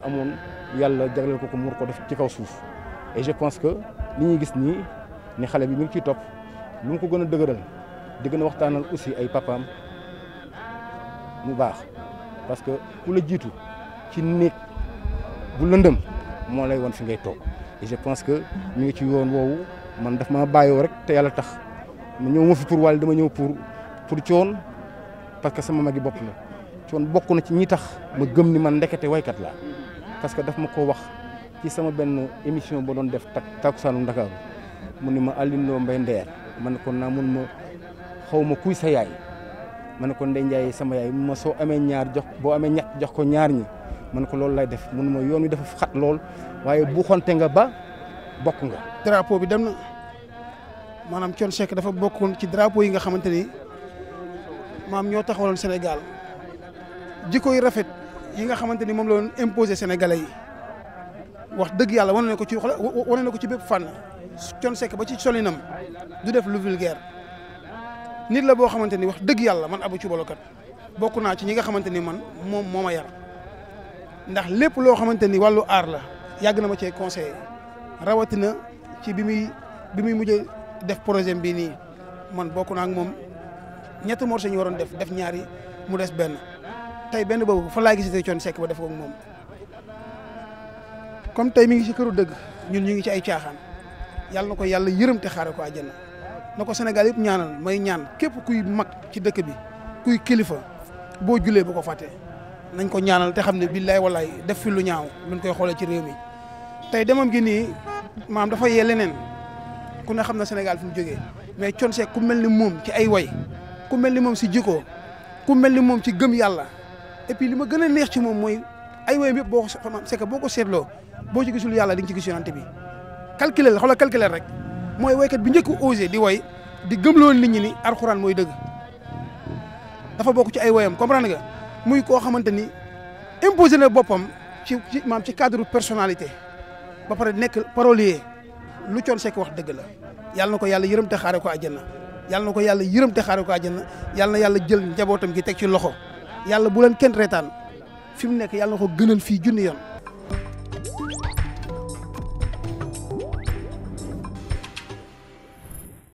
amoon yàlla jagleel ko ko mu ko def ci kaw suuf et je pense que ni ñuy gis nii ni xale bi mu ngi ciy topp lu mu ko gën a dëgëral di gën a waxtaanal aussi ay papaam mu baax parce que ku la jiitu ci néeg bu lëndëm moo lay woon fi ngay toog et je pense que mi ngi ci yoon woowu man daf ma bàyyoo rek te yàlla tax mu ñëw ma fi pour wàll dama ñëw pour pour coon parce que sama magi bopp la coon bokk na ci ñi tax ma gëm ni man ndekete waykat laa parce que dafa ma ko wax ci sama benn émission boo doon def takkusaanu Ndakaaru mu ni ma Alioune Lo Mbaye Nder ma ne ko naa mun ma xaw ma kuy sa yaay ma ne ko Ndeye Ndiaye sama yaay mu ma soo amee ñaar jox boo amee ñett jox ko ñaar ñi ma ko loolu lay def mun ma yoon wi dafa xat lool waaye bu xonte nga ba bokk nga. drapeau bi dem na maanaam Thione Seck dafa bokkoon ci drapeau yi nga xamante ni maam ñoo taxawaloon Sénégal jikko yi rafet. yi nga xamante ni moom la doon imposé sénégalais yi wax dëgg yàlla wane na ko ci wane na ko ci bépp fan Thione Seck ba ci solinam du def lu vulgaire nit la boo xamante ni wax dëgg yàlla man abu ci Thioubalokat bokk naa ci ñi nga xamante ni man moom moom ma yar ndax lépp loo xamante ni wàllu aar la yàgg na ma cee conseillé rawatina ci bi muy bi muy mujjee def projet bii nii man bokk naa ak moom ñett morceaux ñu waroon def def ñaari mu des benn. tey benn boobu fa laa gisee Thione Seck ba def ko moom comme tey mi ngi ci këru dëgg ñun ñu ngi ci ay caaxaan yàlla na ko yàlla yërëm te xaare ko àjjana na ko Sénégal yëpp ñaanal mooy ñaan képp kuy mag ci dëkk bi kuy kilifa boo julee bu ko fàttee nañ ko ñaanal te xam ne billaay walaay def fi lu ñaaw luñ koy xoolee ci réew mi tey demam gi nii maam dafa yee leneen ku ne xam na Sénégal fi mu jógee mais Thione Seck ku mel ni moom ci ay way ku mel ni moom si jikko ku mel ni moom ci gëm yàlla et li ma gën a neex ci moom mooy ay woyam yëpp boo ko c'est que boo ko seetloo boo ci gisul yàlla di nga ci gis yonante bi calculer la xoolal calculer rek mooy woykat bi njëkk osé di woy di gëmloo nit ñi ni alxuraan mooy dëgg dafa bokk ci ay woyam comprendre nga muy koo xamante ni imposé na boppam ci ci maam ci cadre personnalité ba pare nekk parolier lu coon sekk wax dëgg la yàlla na ko yàlla yërëm te xaare ko àjjana yàlla na ko yàlla yërëm te xaare ko àjjana yàlla na yàlla jël njabootam gi teg ci loxo yàlla bu leen kenn reetaan fi mu nekk yàlla na ko gënal fii junni yoon